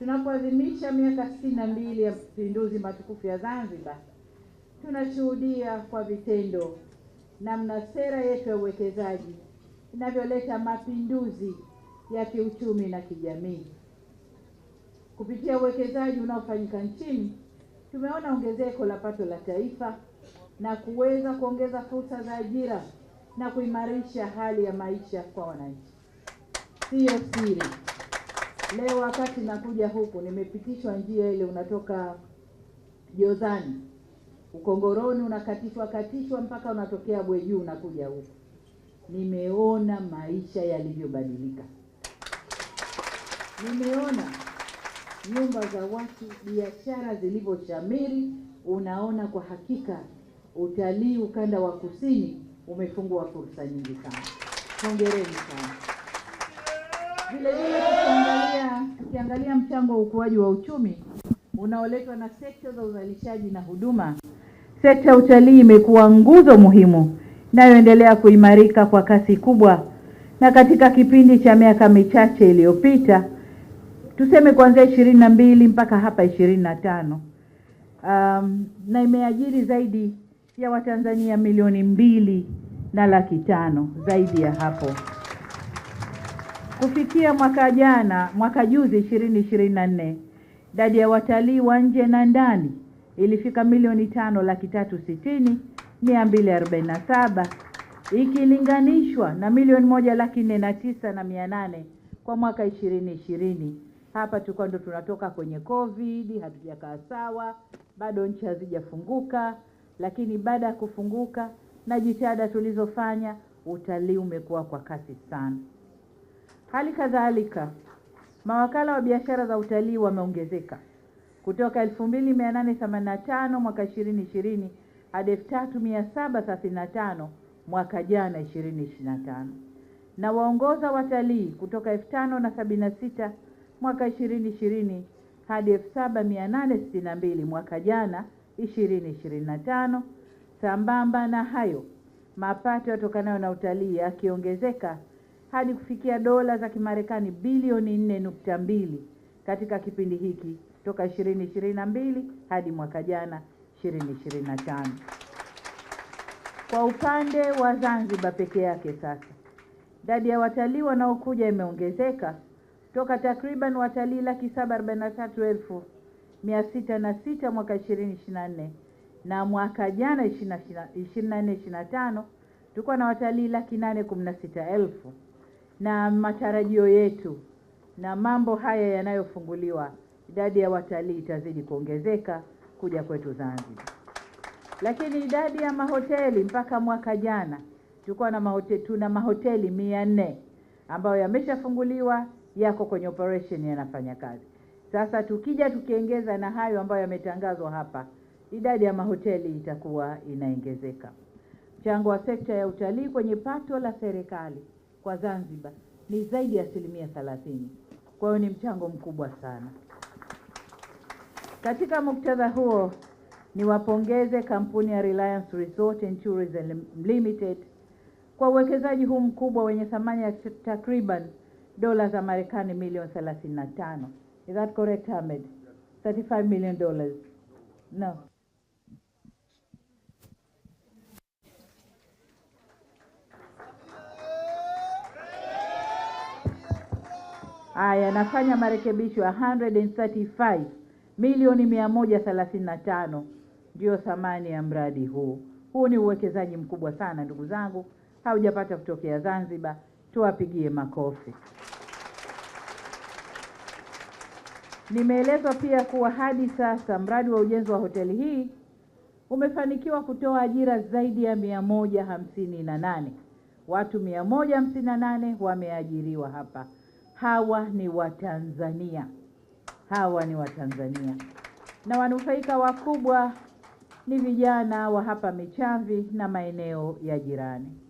Tunapoadhimisha miaka sitini na mbili ya mapinduzi matukufu ya Zanzibar, tunashuhudia kwa vitendo namna sera yetu ya uwekezaji inavyoleta mapinduzi ya kiuchumi na kijamii. Kupitia uwekezaji unaofanyika nchini, tumeona ongezeko la pato la taifa na kuweza kuongeza fursa za ajira na kuimarisha hali ya maisha kwa wananchi. Siyo siri. Leo wakati nakuja huku nimepitishwa njia ile, unatoka Jozani Ukongoroni, unakatishwa katishwa mpaka unatokea Bwejuu unakuja huku. Nimeona maisha yalivyobadilika, nimeona nyumba za watu, biashara zilivyoshamiri. Unaona kwa hakika utalii ukanda wa kusini umefungua fursa nyingi sana. Hongereni sana. Vile vile tukiangalia, tukiangalia mchango wa ukuaji wa uchumi unaoletwa na sekta za uzalishaji na huduma, sekta ya utalii imekuwa nguzo muhimu inayoendelea kuimarika kwa kasi kubwa, na katika kipindi cha miaka michache iliyopita, tuseme kuanzia ishirini na mbili mpaka hapa ishirini na tano um, na imeajiri zaidi ya Watanzania milioni mbili na laki tano zaidi ya hapo. Kufikia mwaka jana mwaka juzi 2024 ishirini idadi ya watalii wa nje na ndani ilifika milioni tano laki tatu sitini mia mbili arobaini na saba ikilinganishwa na milioni moja laki nne na tisa na mia nane kwa mwaka ishirini ishirini. Hapa tulikuwa ndo tunatoka kwenye Covid, hatujakaa sawa bado, nchi hazijafunguka, lakini baada ya kufunguka na jitihada tulizofanya, utalii umekuwa kwa kasi sana. Hali kadhalika mawakala wa biashara za utalii wameongezeka kutoka 2885 mwaka 2020 hadi 3735 mwaka jana 2025, na waongoza watalii kutoka 5076 mwaka 2020 hadi 7862 mwaka jana 2025. Sambamba na hayo, mapato yatokanayo na utalii yakiongezeka hadi kufikia dola za Kimarekani bilioni nne nukta mbili katika kipindi hiki toka 2022 hadi mwaka jana 2025. Kwa upande wa Zanzibar peke yake sasa, idadi ya watalii wanaokuja imeongezeka toka takriban watalii laki saba arobaini na tatu elfu mia sita na sita mwaka 2024 na mwaka jana 2024 2025 tulikuwa na watalii laki nane kumi na sita elfu na matarajio yetu na mambo haya yanayofunguliwa, idadi ya watalii itazidi kuongezeka kuja kwetu Zanzibar. Lakini idadi ya mahoteli mpaka mwaka jana tulikuwa na mahoteli, tuna mahoteli mia nne ambayo yameshafunguliwa yako kwenye operation yanafanya kazi. Sasa tukija tukiongeza na hayo ambayo yametangazwa hapa, idadi ya mahoteli itakuwa inaongezeka. Mchango wa sekta ya utalii kwenye pato la serikali kwa Zanzibar ni zaidi ya asilimia thelathini. Kwa hiyo ni mchango mkubwa sana. Katika muktadha huo, niwapongeze kampuni ya Reliance Resort and Tourism Limited kwa uwekezaji huu mkubwa wenye thamani ya takriban dola za Marekani milioni 35. Is that correct, Ahmed? 35 million dollars. No. yanafanya marekebisho ya 135 milioni 135, ndiyo thamani ya mradi huu. Huu ni uwekezaji mkubwa sana ndugu zangu, haujapata kutokea Zanzibar, tuwapigie makofi. Nimeelezwa pia kuwa hadi sasa mradi wa ujenzi wa hoteli hii umefanikiwa kutoa ajira zaidi ya mia moja hamsini na nane. Watu mia moja hamsini na nane wameajiriwa hapa hawa ni Watanzania, hawa ni Watanzania na wanufaika wakubwa ni vijana wa hapa Michamvi na maeneo ya jirani.